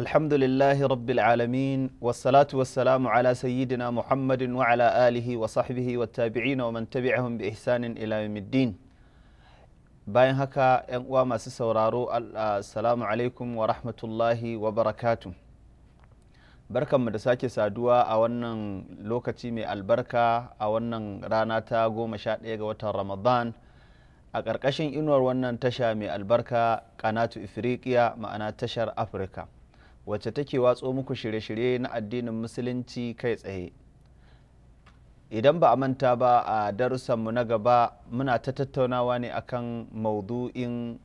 الحمد لله رب العالمين والصلاة والسلام على سيدنا محمد وعلى آله وصحبه والتابعين ومن تبعهم بإحسان إلى يوم الدين bayan haka 'yan uwa masu sauraro assalamu alaikum wa rahmatullahi wa barakatu barkanmu da sake saduwa a wannan lokaci mai albarka a wannan rana ta goma sha ɗaya ga watan ramadan a ƙarƙashin inuwar wannan tasha mai albarka kanatu ifirikiya ma'ana tashar afirka wacce take watso muku shirye-shirye na addinin musulunci kai tsaye idan ba a manta ba a mu na gaba muna ta tattaunawa ne akan maudu'in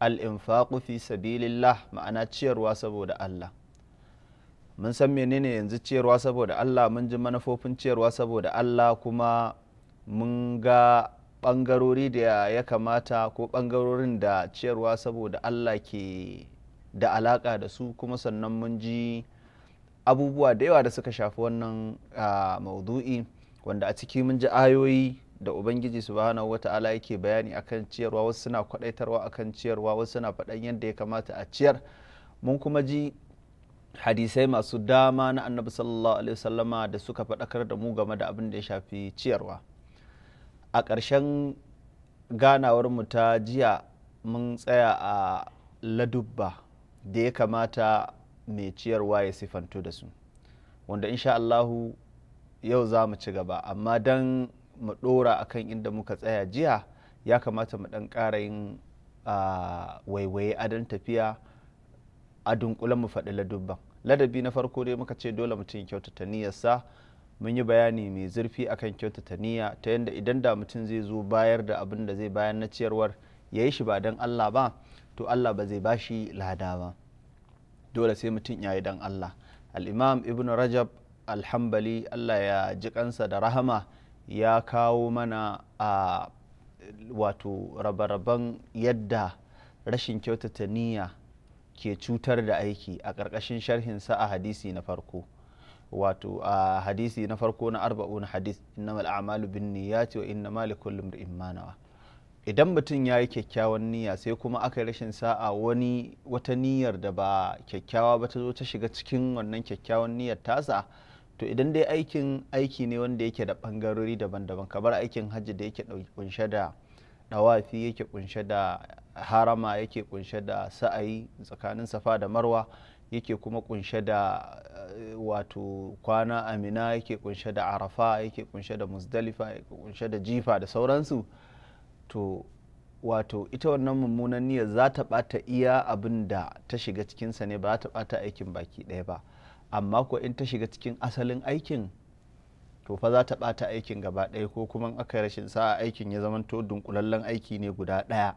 al'infaƙu fi sabilillah ma'ana ciyarwa saboda Allah mun san menene yanzu ciyarwa saboda Allah mun ji manufofin ciyarwa saboda Allah kuma mun ga bangarori da ya kamata ko bangarorin da ciyarwa saboda Allah ke da alaka da su kuma sannan mun ji abubuwa da yawa da suka shafi wannan maudu'i wanda a ciki mun ji ayoyi da ubangiji subhanahu wata'ala yake bayani akan ciyarwa wasu suna kwadaitarwa akan ciyarwa wasu suna faɗan yadda ya kamata a ciyar mun kuma ji hadisai masu dama na annabi sallallahu alaihi wasallama da suka faɗakar da mu game da abin da ya shafi ciyarwa a ƙarshen ganawar mu ta jiya mun tsaya a ladubba da ya kamata mai ciyarwa ya sifanto da su wanda insha Allahu yau za mu ci gaba amma don mu ɗora akan inda muka tsaya jiya ya kamata mu ɗan ƙara yin waiwaye adon tafiya a dunkulen mu faɗi ladubban ladabi na farko dai muka ce dole mutum kyautata niyyarsa mun yi bayani mai zurfi akan kyautata niyya ta yadda idan da mutum zai zo bayar da abin da zai bayan na ciyarwar ya yi shi ba don Allah ba to Allah ba zai ba shi lada ba dole sai mutum ya yi dan Allah al-imam ibn rajab alhambali Allah ya ji kansa da rahama ya kawo mana a wato rabaraban yadda rashin kyautata niyya ke cutar da aiki a ƙarƙashin sharhinsa a hadisi na farko wato a hadisi na farko na arba'un hadis innamal a'malu bin niyyati wa innamal mali kullum imanawa idan mutum ya yi kyakkyawan niyya sai kuma aka yi rashin sa'a wani wata niyyar da ba kyakkyawa ba ta zo ta shiga cikin wannan kyakkyawan niyyar tasa to idan dai aikin aiki ne wanda yake da bangarori daban-daban kamar aikin hajji da yake kunshe da dawafi yake kunshe da harama yake kunshe da sa'ayi tsakanin safa da marwa yake kuma kunshe da eh, wato kwana amina yake kunshe da arafa yake kunshe da musdalifa yake kunshe da jifa da sauransu to wato ita wannan mummunan niyyar za ta ɓata iya abin da ta shiga cikinsa ne ba ta bata aikin baki ɗaya ba amma ko in ta shiga cikin asalin aikin to fa za ta ɓata aikin gaba ɗaya ko kuma aka yi rashin sa'a aikin ya zama to dunkulallen aiki ne guda ɗaya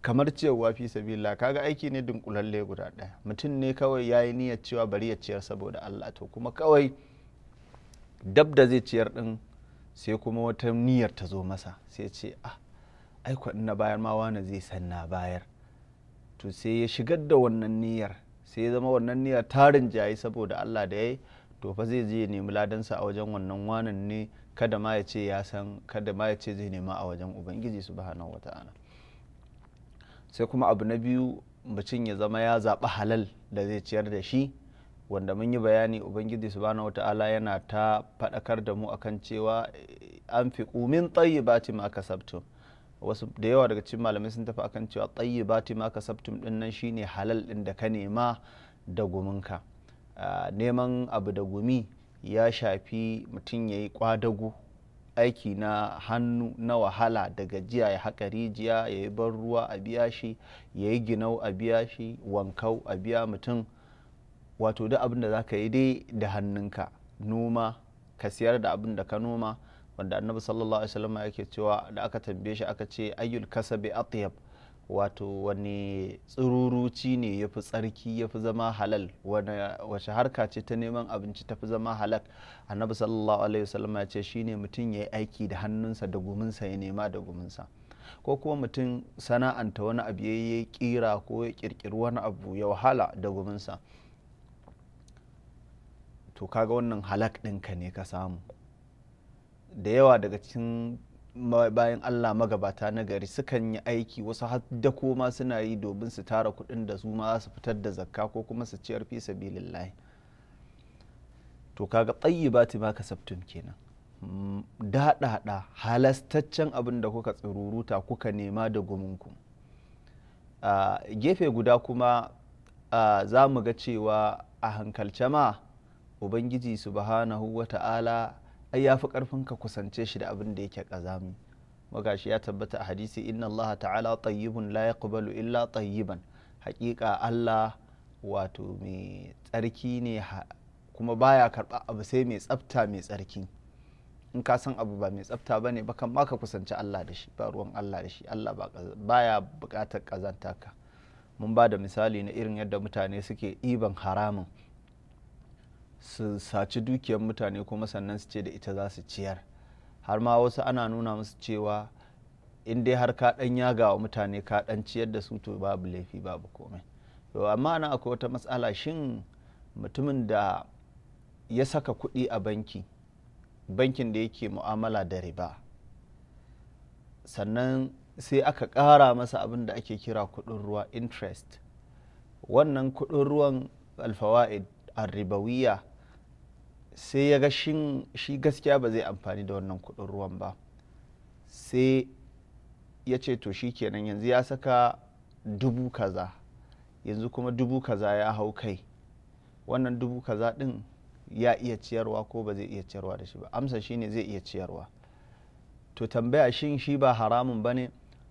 kamar cewa fi sabila kaga aiki ne dunkulalle guda ɗaya mutum ne kawai ya yi niyyar cewa bari ya ciyar saboda allah to kuma kawai dab da zai ciyar ɗin sai kuma wata niyyar ta zo masa sai ce ah aiko na bayar ma wani zai san na bayar to sai ya shigar da wannan niyyar sai ya zama wannan niyyar tarin jayi saboda Allah da yayi to fa zai je ya nemi ladansa a wajen wannan wanan ne kada ma ya ce ya san kada ma ya ce zai nema a wajen ubangiji su nan wata ana sai kuma abu na biyu mutum ya zama ya zaɓi halal da zai ciyar da shi wanda mun yi bayani ubangiji su wata wata'ala yana ta faɗakar da mu akan cewa an fi umin tsayi ba ma kasabtum wasu da yawa daga cikin malamai sun tafi akan cewa tsayi ba tayyibati ma sabtum din nan shine halal din da ka nema da guminka neman abu da gumi ya shafi mutum ya yi kwadago aiki na hannu na wahala da gajiya ya haƙa rijiya ya yi ban ruwa a biya shi ya yi ginau a biya shi wankau a biya mutum wato duk abin da za ka yi dai da hannunka noma ka siyar da abin da ka noma wanda annabi sallallahu alaihi wasallam yake cewa da aka tambaye shi aka ce ayyul kasabi atyab wato wani tsururuci ne ya fi tsarki ya fi zama halal wace harka ce ta neman abinci ta fi zama halal annabi sallallahu alaihi wasallam ya ce shine mutum ya yi aiki da hannunsa da guminsa ya nema da guminsa ko kuma mutum sana'anta wani abu ya yi kira ko ya kirkiri wani abu ya wahala da guminsa to kaga wannan halak ɗinka ne ka samu da yawa daga cikin bayan Allah magabata na gari sukan yi aiki wasu haddako koma suna yi domin su tara kudin da su ma su fitar da zakka ko kuma su ciyar fi sabilillahi to kaga tsayyibati ma saftun kenan mm, daɗaɗa halastaccen abin da kuka tsururuta kuka nema da guminku gefe guda kuma za mu ga cewa a hankalce ma ubangiji subhanahu wa ta'ala ai ya fi karfin ka kusance shi da abin da yake kazami magashi ya tabbata a hadisi inna allaha ta'ala tayyibun la yaqbalu illa tayyiban haqiqa allah wato mai tsarki ne kuma baya karba abu sai mai tsafta mai tsarki in ka san abu ba mai tsafta ba ne bakan ma ka kusanci allah da shi ba ruwan allah da shi allah baya buƙatar ƙazanta ka mun ba da misali na irin yadda mutane suke iban haramun su saci dukiyar mutane kuma sannan su ce da ita za su ciyar har ma wasu ana nuna musu cewa in dai har ka dan yaga wa mutane ka dan ciyar da su to babu laifi babu komai to amma nan akwai wata matsala shin mutumin da ya saka kuɗi a banki bankin da yake mu'amala da riba sannan sai aka ƙara masa abin da ake kira kuɗin ruwa interest wannan kuɗin ruwan alfawa'id arribawiya sai ya ga shi gaskiya ba zai amfani da wannan kudin ruwan ba sai ya ce to shi kenan yanzu ya saka dubu kaza yanzu kuma dubu kaza ya hau kai wannan dubu kaza din ya iya ciyarwa ko ba zai iya ciyarwa da shi ba amsa shi ne zai iya ciyarwa to tambaya shin shi ba haramun ba ne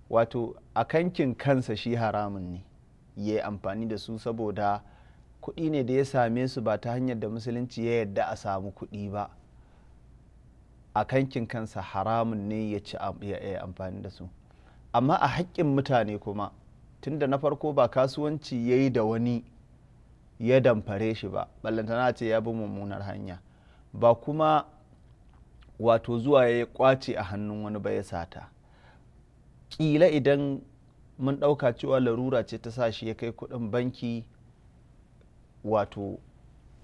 wato a kankin kansa shi haramun ne ya yi amfani da su saboda kuɗi ne da ya same su ba ta hanyar da musulunci ya yarda a samu kuɗi ba a kankin kansa haramun ne ya ci amfani da su amma a haƙƙin mutane kuma tunda na farko ba kasuwanci ya yi da wani ya damfare shi ba ballantana ce ya bi mummunar hanya ba kuma wato zuwa ya kwace a hannun wani ba ya sata ƙila idan mun ɗauka cewa larura ce ta sa shi ya kai kuɗin banki wato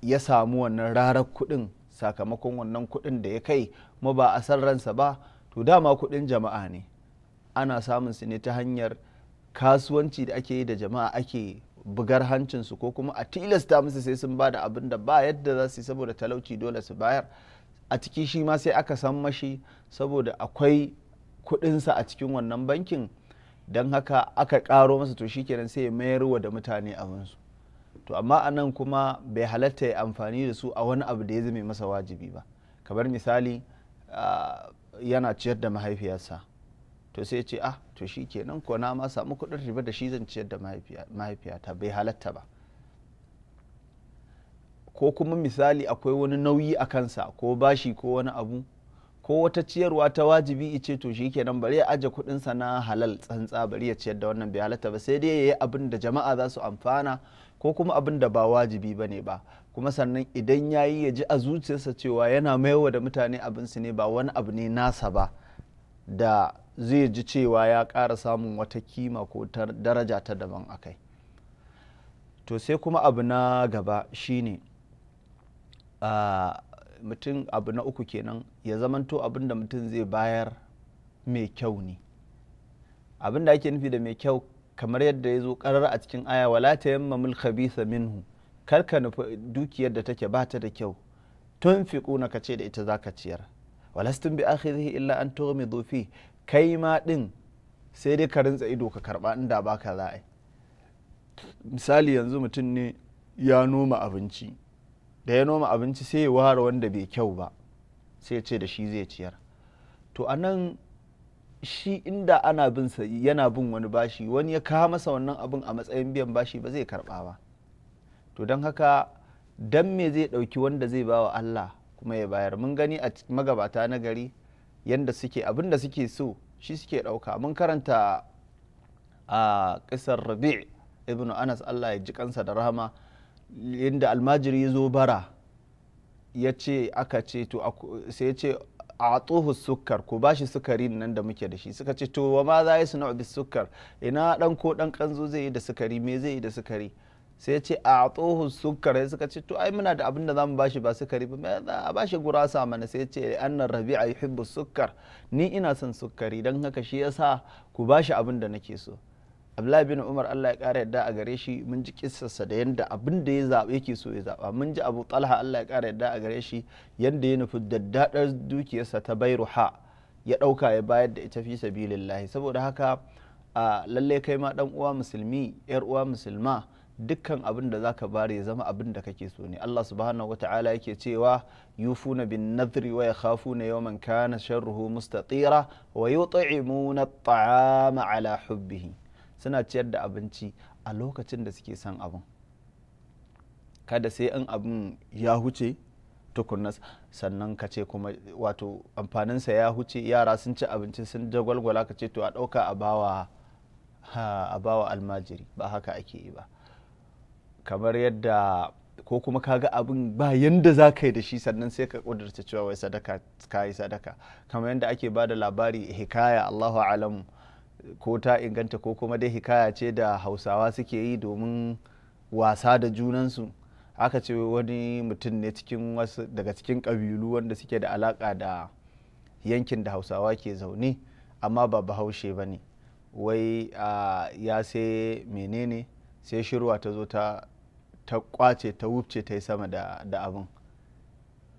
ya samu wannan rarar kuɗin sakamakon wannan kuɗin da ya kai mu ba a san ransa ba to dama kuɗin jama'a ne ana samun su ne ta hanyar kasuwanci da ake yi da jama'a ake bugar hancinsu ko kuma a tilasta musu sai sun ba da abin da ba yadda za su yi saboda talauci dole su bayar a ciki shi ma sai aka san mashi saboda akwai kuɗinsa a cikin wannan bankin don haka aka ƙaro masa to shi shikenan sai ya mayarwa da mutane abinsu to amma a nan kuma bai halatta ya amfani da su a wani abu da ya zame masa wajibi ba kamar misali yana ciyar da mahaifiyarsa to sai ce ah to shi kenan ko na ma samu kuɗin riba da shi zan ciyar da mahaifiyata bai halatta ba ko kuma misali akwai wani nauyi a kansa ko bashi ko wani abu ko wata ciyarwa ta wajibi ice to shi kenan bari ya aje kuɗinsa na halal tsantsa bari ya ciyar da wannan bai halatta ba sai dai ya yi abin da jama'a za su amfana ko kuma abin da ba wajibi ba ne ba kuma sannan idan ya yi ya ji a zuciyarsa cewa yana maiwa da mutane abinsu ne ba wani abu ne nasa ba da zai ji cewa ya kara samun wata kima ko daraja ta daban akai to sai kuma abu na gaba shine mutum abu na uku kenan ya zamanto abin da mutum zai bayar mai kyau ne abin da ake nufi da mai kyau kamar yadda ya zo karar a cikin aya wala ta yamma yammamul bisa minhu kar ka nufi dukiyar da take bata da kyau tun fiƙuna ka ce da ita zaka ciyar walastun bi akhirihi illa an tughmidu fi kai ma din sai dai ka rintsa ido ka karba inda baka za'a misali yanzu mutum ne ya noma abinci da ya noma abinci sai ya ware wanda bai kyau ba sai ya ce da shi zai ciyar to anan shi inda ana bin sa yana bin wani bashi wani ya kawo masa wannan abin a matsayin biyan bashi ba zai karba ba to don haka dan me zai dauki wanda zai bawa Allah kuma ya bayar mun gani a magabata na gari yanda suke abin da suke so shi suke dauka mun karanta a kisar rabi ibn anas Allah ya ji kansa da rahama yadda almajiri ya zo bara ya ce aka ce to sai ya ce a tsohu sukar ku bashi sukari nan da muke da shi suka ce to wa ma za yi suna bis sukar ina dan ko dan kanzo zai yi da sukari me zai yi da sukari sai ce a tsohu sukar sai suka ce to ai muna da abin da mu bashi ba sukari ba a bashi gurasa mana sai ce a rabi'a yuhibbu sukar ni ina son sukari dan haka shi yasa ku bashi abin da nake so abdullahi bin umar allah ya kara yadda a gare shi mun ji kissarsa da yadda abin da ya zaɓe yake so ya zaɓa mun ji abu talha allah ya kara yadda a gare shi yadda ya nufi daddaɗar dukiyarsa ta bairu ha ya ɗauka ya bayar da ita fi sabilillahi saboda haka a lalle kai ma ɗan uwa musulmi yar uwa musulma dukkan abin da zaka bari ya zama abin da kake so ne Allah subhanahu ta'ala yake cewa yufuna bin nadri wa yakhafuna yawman kana sharruhu mustatira wa yut'imuna at-ta'ama ala hubbihi suna ciyar da abinci a lokacin da suke son abin kada sai in abin ya huce tukunna sannan ka ce kuma wato amfaninsa ya huce yara sun ci abinci sun jagwalgwala ka ce to a ɗauka a bawa almajiri ba haka ake yi ba kamar yadda ko kuma ka ga abin ba yanda za ka yi da shi sannan sai ka kudurta cewa wai sadaka ka yi sadaka kamar yadda ake ba da labari hikaya allahu alamu ko ta inganta ko kuma dai hikaya ce da hausawa suke yi domin wasa da junansu aka ce wani mutum ne cikin wasu daga cikin ƙabilu wanda suke da alaƙa da yankin da hausawa ke zaune amma ba bahaushe ba ne wai ya sai menene sai shirwa ta zo ta kwace ta wuce ta yi sama da abin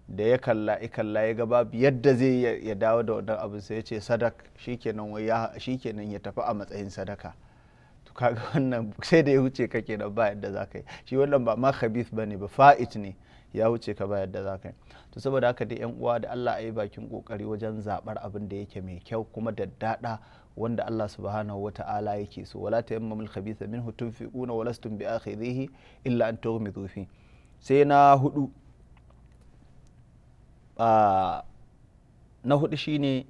da ya kalla ya kalla ya ga babu yadda zai ya dawo da wannan abin sai ya ce sadak shikenan ya tafi a matsayin sadaka to kaga wannan sai da ya wuce ka kenan ba yadda za ka yi shi wannan ba ma khabith bane ba fa'it ne ya wuce ka ba yadda za ka yi to saboda haka dai yan uwa da Allah ayi bakin kokari wajen zabar abin da yake mai kyau kuma da dada wanda Allah subhanahu wata'ala yake so wala ta tayammamul khabitha minhu tunfiquna walastum bi akhirihi illa an tughmidu fi sai na hudu na hudu shine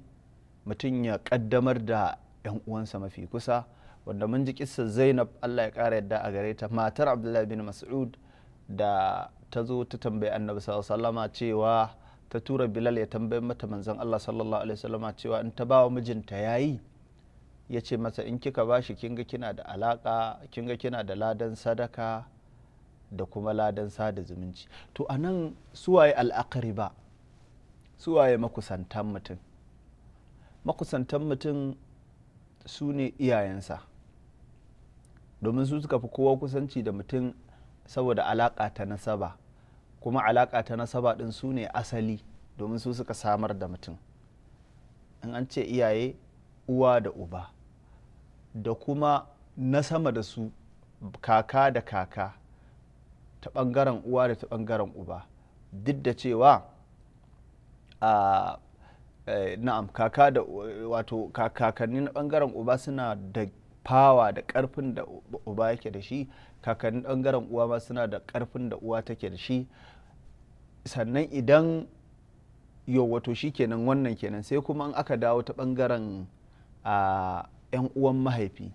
mutum ya kaddamar da 'yan uwansa mafi kusa wanda mun ji kissa zainab allah ya kara yadda a gare ta matar abdullahi bin mas'ud da ta zo ta tambayi annabi sallama cewa ta tura bilal ya tambayi mata manzon allah sallallahu alaihi wasallama cewa in ta bawa mijinta yayi ya ce masa in kika ba shi kinga kina da alaka kinga kina da ladan sadaka da kuma ladan sada zumunci to anan suwaye al'akari ba suwaye makusantan mutum makusantan mutum su ne iyayensa domin su suka fi kowa kusanci da mutum saboda alaƙa ta nasaba kuma alaƙa ta nasaba ɗin su ne asali domin su suka samar da mutum in an ce iyaye uwa da uba da kuma na sama da su kaka da kaka ta ɓangaren uwa da ta ɓangaren uba duk da cewa a na'am kaka da wato kakanni na bangaren uba suna da fawa da karfin da uba yake da shi kakanni bangaren uwa ma suna da karfin da uwa take da shi sannan idan yau wato shi kenan wannan kenan sai kuma in aka dawo ta bangaren a yan uwan mahaifi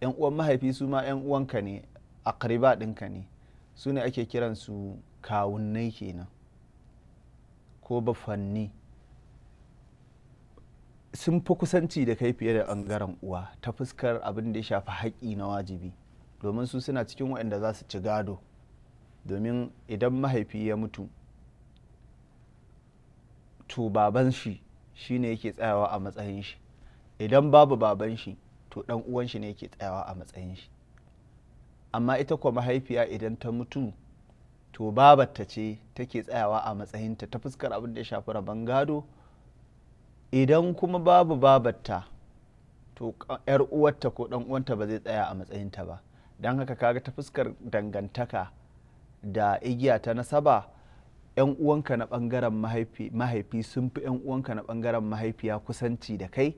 yan uwan mahaifi su ma yan uwanka ne akriba ɗinka ne su ne ake kiransu kawunnai kenan ko ba fanni sun fi kusanci da kai fiye da ɓangaren uwa ta fuskar abin da ya shafi haƙƙi na wajibi domin su suna cikin waɗanda za su ci gado domin idan mahaifi ya mutu to baban shi shi ne yake tsayawa a matsayin shi idan babu baban shi to ɗan uwan shi ne yake tsayawa a matsayin shi amma ita kuwa mahaifiya idan ta mutu to babatta ce take tsayawa a matsayinta ta fuskar abin da ya shafi rabon gado idan kuma babu babatta to yar uwarta ko dan uwanta ba zai tsaya a matsayinta ba don haka kaga ta fuskar dangantaka da igiya ta nasaba yan uwanka na bangaren mahaifi sun fi yan uwanka na bangaren mahaifiya kusanci da kai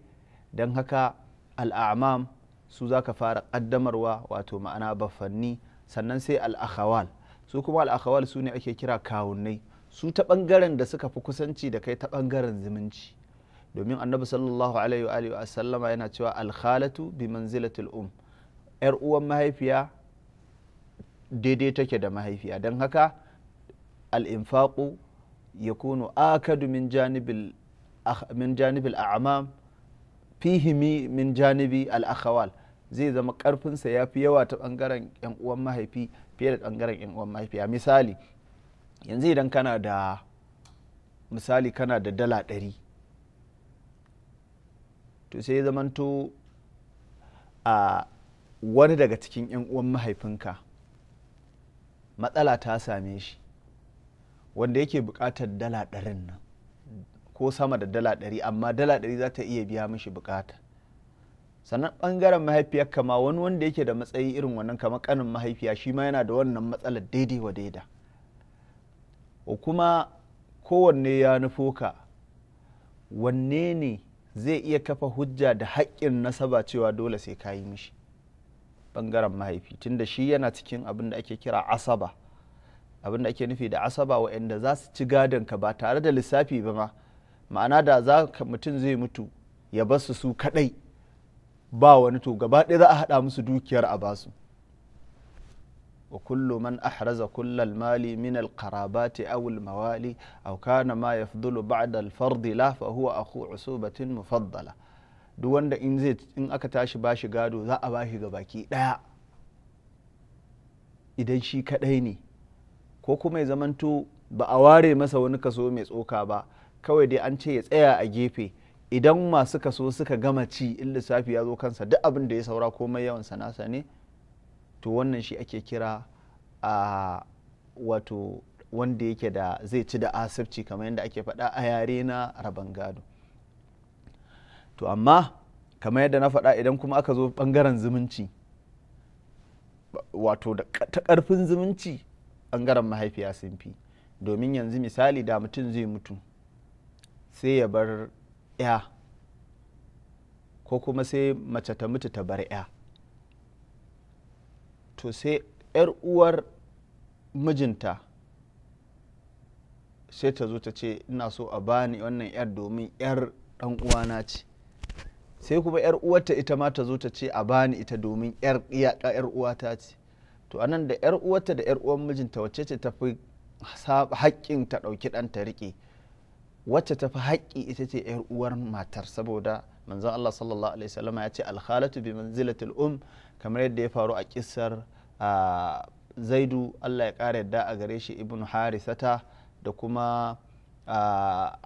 don haka al'amam su zaka fara ƙaddamarwa wato ma'ana baffanni sannan sai al'akhawal su kuma al'akawal su ne ake kira kawunnai su ta bangaren da suka fi kusanci da kai ta bangaren zumunci domin annabi sallallahu alaihi wa sallama yana cewa alkhalatu bi manzilatul um yar uwan mahaifiya daidai take da mahaifiya don haka al'infaku ya kunu akadu min janibil a'amam fihimi min janibi al'akawal. zai zama karfinsa ya fi yawa ta bangaren yan uwan mahaifi fiye da bangaren yan uwan mahaifi a misali yanzu idan kana da misali kana da dala ɗari to sai zamanto a wani daga cikin 'yan uwan mahaifinka matsala ta same shi wanda yake bukatar dala ɗarin nan ko sama da dala ɗari amma dala ɗari za ta iya biya mishi bukata sannan bangaren mahaifiyar kama wani wanda yake da matsayi irin wannan kama kanin mahaifiya shi ma yana da wannan matsalar daidai wa daida kuma kowanne ya nufo ka wanne ne zai iya kafa hujja da haƙƙin nasaba cewa dole sai ka yi mishi bangaren mahaifi da shi yana cikin abin da ake kira asaba abin da ake nufi da asaba waɗanda za su ci gadon ka ba tare da lissafi ba ma ma'ana da za mutum zai mutu ya su su kaɗai ba wani to gaba ɗaya za a haɗa musu dukiyar a basu wa kullu man ahraza kullal mali min al qarabati aw al mawali aw kana ma yafdulu ba'da al fardi la fa huwa akhu usubatin mufaddala duk wanda in zai in aka tashi bashi gado za a bashi ga baki daya idan shi kadai ne ko kuma ya zamanto ba a ware masa wani kaso mai tsoka ba kawai dai an ce ya tsaya a gefe idan masu kaso suka gama ci in lissafi ya zo kansa duk abin da ya saura komai yawan sanasa ne to wannan shi ake kira a wato wanda yake da zai ci da asibci kamar yadda ake faɗa a yare na rabin gado to amma kamar yadda na faɗa idan kuma aka zo ɓangaren zumunci wato ta ƙarfin zumunci ɓangaren mahaifiya sun fi domin yanzu misali da mutum zai mutu sai ya bar ya ko kuma sai mace ta mutu ta bar ya to sai yar uwar mijinta sai ta zo ta ce ina so a bani wannan yar domin yar dan uwana ce sai kuma yar uwarta ita ma ta zo ta ce a bani ita domin yar yar uwata ce to anan da yar uwarta da yar uwan mijinta wacce ce ta fi haƙƙin ta ɗauki ɗan ta riƙe wacce ta fi haƙƙi ita ce ‘yar uwar matar saboda manzon Allah sallallahu alaihi wasallam ya ce alhalatu bi manzilatil um kamar yadda ya faru a kissar zaidu Allah ya ƙara yadda a gare shi ibn harisata da kuma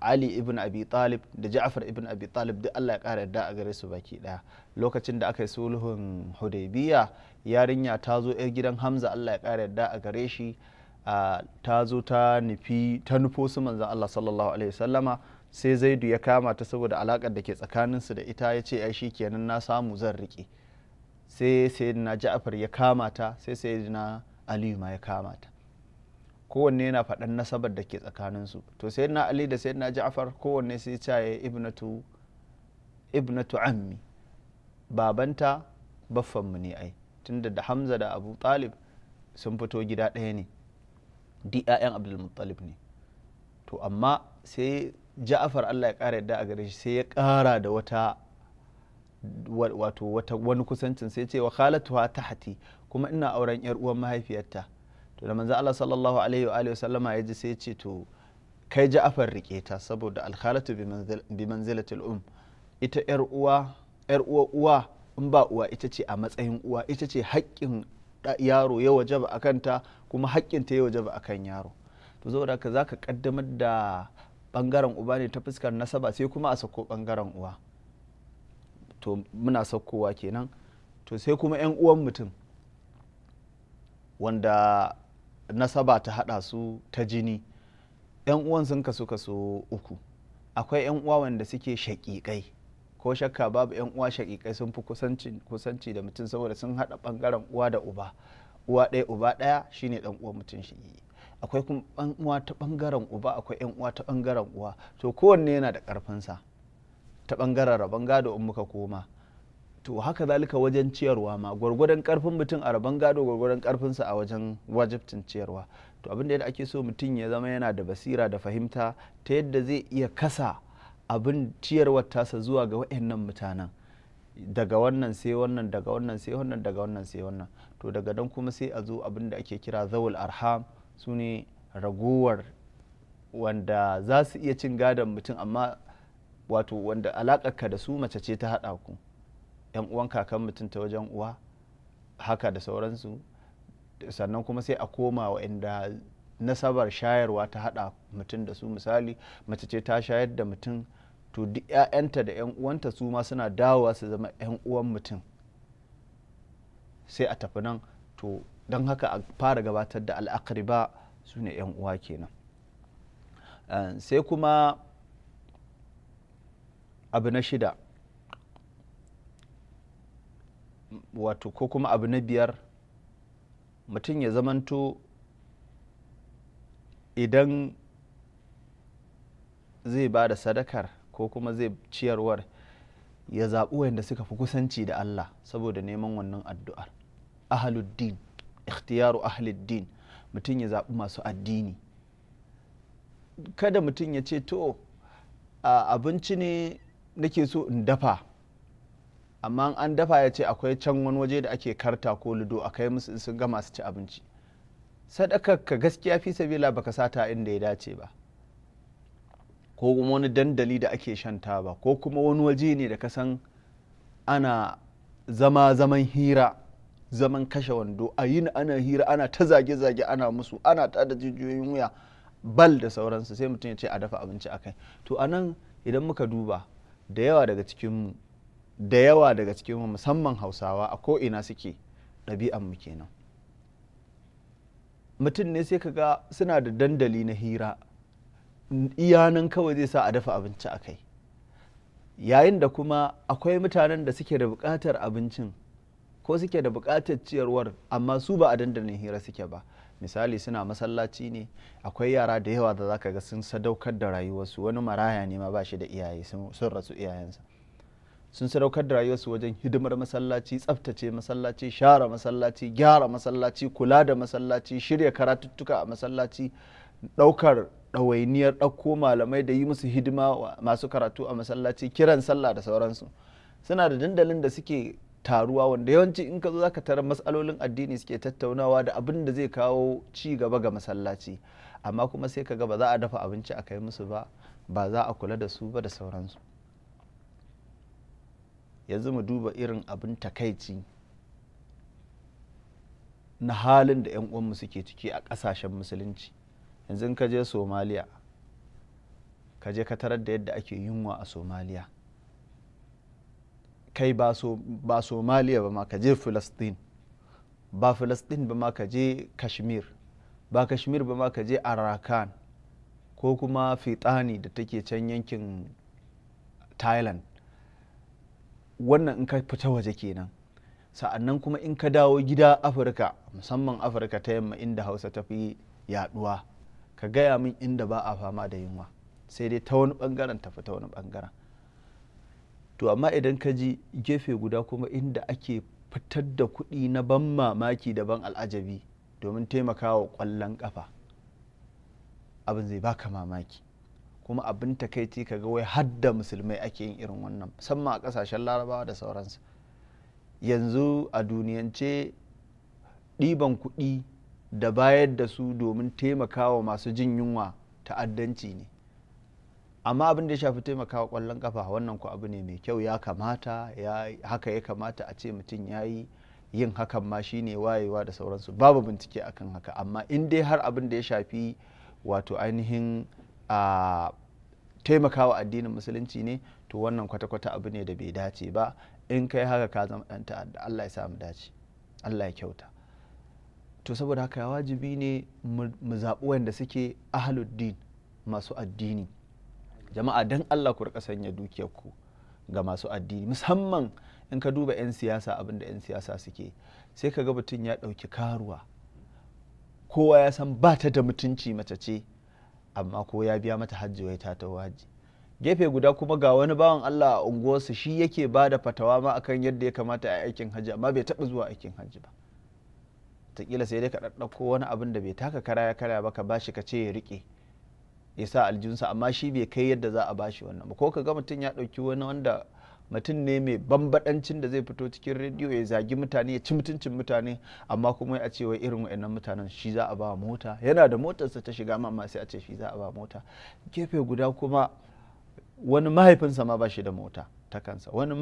ali ibn abi talib da ja'far ibn abi talib duk Allah ya ƙara yadda a gare su baki ɗaya lokacin da aka yi sulhun hudaybiya yarinya ta zo 'yar gidan hamza Allah ya ƙara yadda a gare shi ta zo ta nufi ta nufo su manzan Allah sallallahu alaihi wasallama sai zaidu ya kama ta saboda alakar da ke tsakaninsu da ita ya ce ai shi kenan na samu zan riƙe sai sayyidina ja'far ya kama ta sai sayyidina aliyu ma ya kama ta kowanne yana faɗan nasabar da ke tsakaninsu to sayyidina ali da sayyidina ja'far kowanne sai ya ce ibnatu ibnatu ammi babanta baffan mu ne ai tunda da hamza da abu talib sun fito gida ɗaya ne duk 'ya'yan abdul ne to amma sai ja'afar allah ya kara yadda a gare shi sai ya kara da wata wato wata wani kusancin sai ce wa ta hati kuma ina auren yar uwan mahaifiyarta to da manzo Allah sallallahu alaihi wa sallama ya ji sai ce to kai Ja'far rike ta saboda alkhalatu bi manzilati al-um ita yar uwa yar uwa uwa in ba uwa ita ce a matsayin uwa ita ce haƙƙin yaro ya wajaba a kanta kuma haƙƙinta ya wajaba a kan yaro to zo za ka ƙaddamar da ɓangaren uba ne ta fuskar nasaba sai kuma a sako ɓangaren uwa to muna saukowa kenan to sai kuma 'yan uwan mutum wanda nasaba ta haɗa su ta jini 'yan uwan sun kasu kaso uku akwai 'yan uwa wanda suke shaƙiƙai ko shakka babu yan uwa shakikai sun fi kusanci da mutum saboda sun haɗa ɓangaren uwa da uba uwa ɗaya uba ɗaya shine ɗan uwa mutum shi akwai kuma uwa ta ɓangaren uba akwai yan uwa ta ɓangaren uwa to kowanne yana da ƙarfinsa ta ɓangaren rabon gado in muka koma to haka zalika wajen ciyarwa ma gwargwadon karfin mutum a rabon gado gwargwadon karfinsa a wajen wajibcin ciyarwa to abin da ake so mutum ya zama yana da basira da fahimta ta yadda zai iya kasa abin ciyarwar tasa zuwa ga wa'annan mutanen daga wannan sai wannan daga wannan sai wannan daga wannan sai wannan to daga dan kuma sai a zo abin da ake kira zawul arham su ne ragowar wanda za su iya cin gadon mutum amma wato wanda alakarka da su mace ce ta haɗa ku yan uwan kakan mutum ta wajen uwa haka da sauransu sannan kuma sai a koma wa'inda nasabar shayarwa ta hada mutum da su misali mace ce ta shayar da mutum to duk 'ya'yanta da 'yan uwanta su ma suna dawowa su zama 'yan uwan mutum sai a tafi nan to don haka a fara gabatar da al'akari ba su ne 'yan uwa kenan eh, sai kuma abu na shida wato ko kuma abu na biyar mutum ya zamanto idan zai ba da sadakar ko kuma zai ciyarwar ya zaɓi wanda suka fi kusanci da Allah saboda neman wannan addu'ar ahaluddin ikhtiyaru ahaluddin mutum ya zaɓi masu addini kada mutum ya ce to abinci ne nake so in dafa amma an dafa ya ce akwai can wani waje da ake karta ko ludo a kai musu sun gama su ci abinci ka gaskiya fi sabila baka sata inda ya dace ba ko kuma wani dandali da ake shanta ba ko kuma wani waje ne da ka san ana zama zaman hira zaman kashe wando a yin ana hira ana ta zage-zage ana musu ana ta da jijiyoyin wuya bal da sauransu sai mutum ya ce a dafa abinci akai to a nan idan muka duba da yawa daga cikinmu da yawa daga cikinmu musamman hausawa a ko ina suke ɗabi'anmu kenan mutum ne sai kaga suna da dandali na hira iyanan kawai zai sa a dafa abinci a kai yayin da kuma akwai mutanen da suke da bukatar abincin ko suke da bukatar ciyarwar amma su ba a dandalin hira suke ba misali suna masallaci ne akwai yara da yawa da zaka ga sun sadaukar da rayuwarsu wani maraya ne ma ba shi da iyaye sun rasu iyayensa sun sadaukar da rayuwarsu wajen hidimar masallaci tsaftace masallaci share masallaci gyara masallaci kula da masallaci shirya karatuttuka a masallaci ɗaukar ɗawainiyar ɗauko malamai da yi musu hidima masu karatu a masallaci kiran sallah da sauransu suna da dandalin da suke taruwa wanda yawanci in ka zo zaka tarar matsalolin addini suke tattaunawa da abin da zai kawo ci gaba ga masallaci amma kuma sai ka ga ba za a dafa abinci a kai musu ba ba za a kula da su ba da sauransu yanzu mu duba irin abin takaici na halin da 'yan uwanmu suke ciki a ƙasashen musulunci yanzu ka je somaliya ka je ka da yadda ake yunwa a somaliya kai ba somaliya ba ma ka je filastin ba filastin ba ma ka je kashmir ba kashmir ba ma ka je arakan ko kuma fitani da take can yankin thailand wannan in ka fita waje kenan sa'annan kuma in ka dawo gida afirka musamman afirka ta yamma inda hausa ta fi yaduwa ka gaya min inda ba a fama da yunwa sai dai ta wani bangaren ta fita wani bangaren to amma idan ka ji gefe guda kuma inda ake fitar da kuɗi na ban mamaki da ban al'ajabi domin taimakawa ƙwallon ƙafa abin zai baka mamaki kuma abin takaici kaga wai hadda musulmai ake yin irin wannan musamman a kasashen larabawa da sauransu yanzu a duniyance ɗiban kuɗi da bayar da su domin taimakawa masu jin yunwa ta'addanci ne amma abin da ya shafi taimakawa ƙwallon kafa wannan ku abu ne mai kyau ya kamata haka ya kamata a ce mutum ya yi yin hakan ma shi ne wayewa da sauransu babu bincike akan haka amma in dai har abin da ya shafi wato ainihin a taimakawa addinin musulunci ne to wannan kwata-kwata abu ne da bai dace ba in kai haka ka zama ɗan ta'adda Allah ya samu dace Allah ya kyauta to saboda haka wajibi ne mu zaɓi wanda suke ahaluddin masu addini jama'a dan Allah ku rika sanya dukiyar ku ga masu addini musamman in ka duba 'yan siyasa abin da 'yan siyasa suke sai ka ga mutum ya ɗauki karuwa kowa ya san ba ta da mutunci mace ce amma ko ya biya mata hajji wai ta taho hajji gefe guda kuma ga wani bawan Allah a unguwarsa shi yake ba da fatawa ma akan yadda ya kamata a aikin hajji amma bai taɓa zuwa aikin hajji ba taƙila sai dai ka ɗaɗɗauko wani abin da bai taka kara ya kara ba ka shi ka ce ya riƙe ya sa aljunsa amma shi bai kai yadda za a ba shi wannan ba ko ka ga mutum ya ɗauki wani wanda mutum ne mai bambadancin da zai fito cikin rediyo ya zagi mutane ya ci mutuncin mutane amma kuma a ce wai irin wa'annan mutanen shi za a ba mota yana da motarsa ta shiga amma sai a ce shi za a ba mota gefe guda kuma wani mahaifinsa ma ba shi da mota ta kansa wani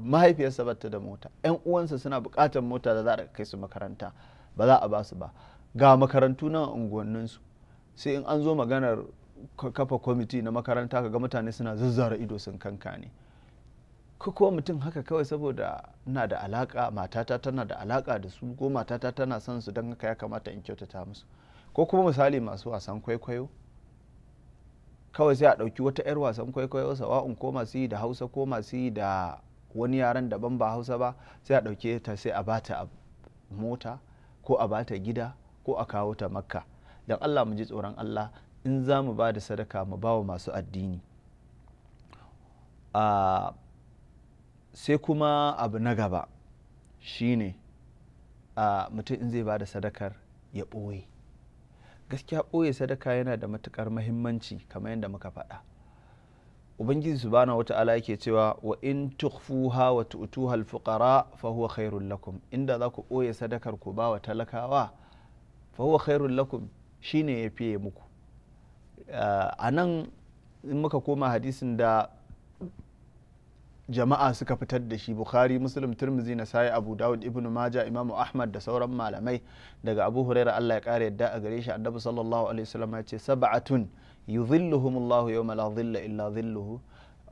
mahaifiyarsa ba ta da mota yan uwansa suna buƙatar mota da za a kai su makaranta ba za a ba su ba ga makarantu na unguwanninsu sai in an zo maganar kafa kwamiti na makaranta kaga mutane suna zazzara ido sun kanka ne ko kuwa mutum haka kawai saboda ina da alaka matata tana da alaka da su ko matata tana son su don haka ya kamata in kyautata musu ko kuma misali masu wasan kwaikwayo kawai sai a ɗauki wata 'yar wasan kwaikwayo sawa'un ko masu yi da hausa ko masu yi da wani yaran daban ba hausa ba sai a ɗauke ta sai a bata mota ko a bata gida ko a kawo ta makka don allah mu ji tsoron allah in za mu ba da sadaka mu ba wa masu addini ah, sai kuma abu na gaba shine a mutum in zai ba da sadakar ya ɓoye gaskiya ɓoye sadaka yana da matukar mahimmanci kamar yadda muka faɗa ubangiji su wata ala yake cewa wa in tukhfuha wa tu'tuha al fa huwa lakum inda za ku ɓoye sadakar ku ba wa talakawa fa huwa khairul lakum shine ya fiye muku a nan in muka koma hadisin da jama'a suka fitar da shi bukhari muslim turmizi sai abu dawud ibnu maja imamu ahmad da sauran malamai daga abu huraira allah ya kare yadda a gare shi annabi sallallahu alaihi wasallam ya ce sab'atun allah yawma la dhilla illa dhilluhu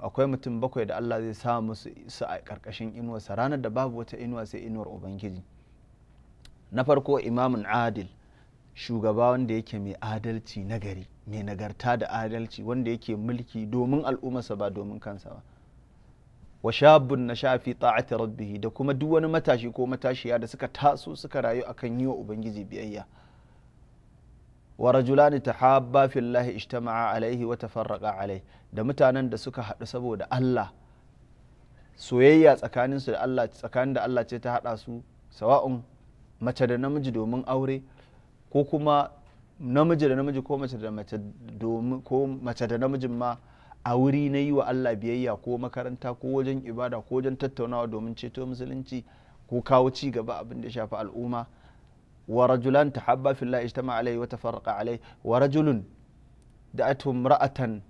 akwai mutum bakwai da Allah zai sa musu su a karkashin inuwarsa ranar da babu wata inuwa sai inuwar ubangiji na farko imamun adil shugaba wanda yake mai adalci nagari mai nagarta da adalci wanda yake mulki domin al'ummarsa ba domin kansa ba wa shabun na shafi ta'ati rabbihi da kuma duk wani matashi ko matashiya da suka taso suka rayu akan yi wa ubangiji biyayya wa rajulani tahabba fillahi ijtama'a alaihi wa tafarraqa alaihi da mutanen da suka haɗu saboda Allah soyayya tsakanin su da Allah tsakanin da Allah ce ta haɗa su sawa'un mace da namiji domin aure ko kuma namiji da namiji ko mace da mace domin ko mace da namijin ma a wuri na yi wa Allah biyayya ko makaranta ko wajen ibada ko wajen tattaunawa domin ceto musulunci ko kawo ci gaba abin da shafi al'umma wa rajulan tahabba Allah ijtama alai wa tafarqa alai wa rajulun da'atu imra'atan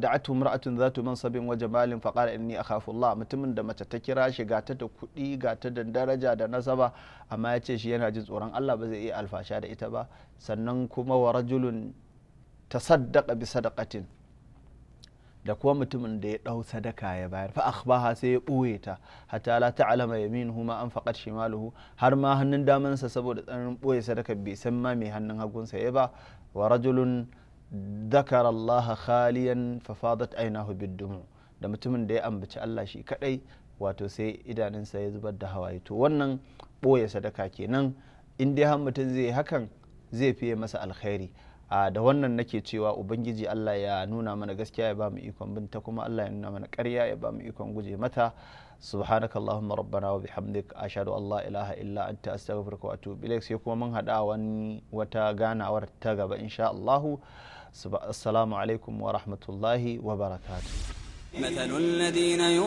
da'atu imra'atun zatu mansabin wa jamalin fa qala inni akhafu Allah mutumin da mace ta kira shi ga ta da kuɗi ga da daraja da nasaba amma ya ce shi yana jin tsoron Allah ba zai iya alfasha da ita ba sannan kuma wa rajulun tasaddaqa bi sadaqatin da kuma mutumin da ya ɗau sadaka ya bayar fa akhbaha sai ya ɓoye ta hatta la ta'lama yaminuhu huma an shi shimaluhu har ma hannun damansa saboda tsananin ɓoye sadaka bai san ma mai hannun hagunsa ya ba wa rajulun ذكر khaliyan خاليا ففاضت عيناه biddumu da mutumin da ya ambaci Allah shi kadai wato sai idanunsa ya zubar da hawaye to wannan ɓoye sadaka kenan in dai har mutum zai hakan zai fiye masa alkhairi da wannan nake cewa ubangiji Allah ya nuna mana gaskiya ya ba mu ikon binta kuma Allah ya nuna mana ƙarya ya ba mu ikon guje mata subhanaka allahumma rabbana wa bihamdik ashhadu an la ilaha illa anta astaghfiruka wa atubu ilaik sai kuma mun hada wani wata ganawar ta gaba insha Allah assalamu alaikum wa rahmatullahi wa barakatuh مثل الذين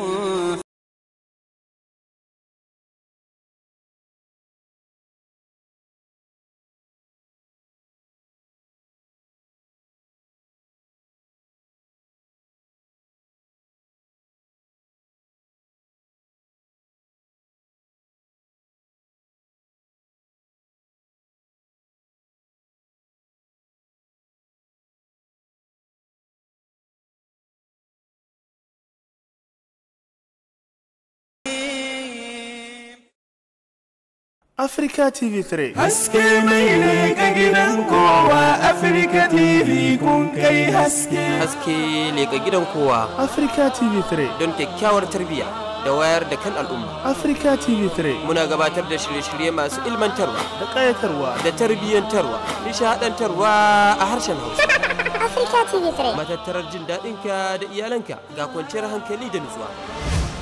Africa TV3 Haske mai ne ga gidan kowa Africa TV kun kai haske Haske ne ga gidan kowa Africa TV3 don kyakkyawar tarbiyya da wayar da kan al'umma Africa TV3 muna gabatar da shirye-shirye masu ilmantarwa da kayatarwa da tarbiyyantarwa nishaɗantarwa a harshen Hausa Africa TV3 matattarar jin daɗinka da iyalanka ga kwanciyar hankali da nutsuwa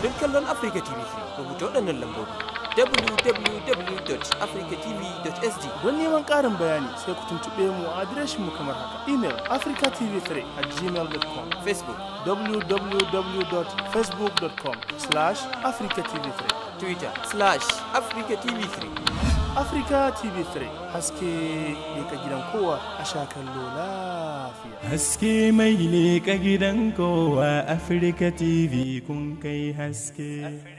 don kallon Africa TV3 rubuta waɗannan lambobi www.africatv.sg don neman ƙarin bayani sai ku tuntuɓe mu a mu kamar haka email africatv3 at gmail.com facebook www.facebook.com slash africatv3 twitter slash africatv3 Africa TV3 haske ne ka gidan kowa a shakar lola Haske mai ne ka gidan kowa Africa TV kun kai haske.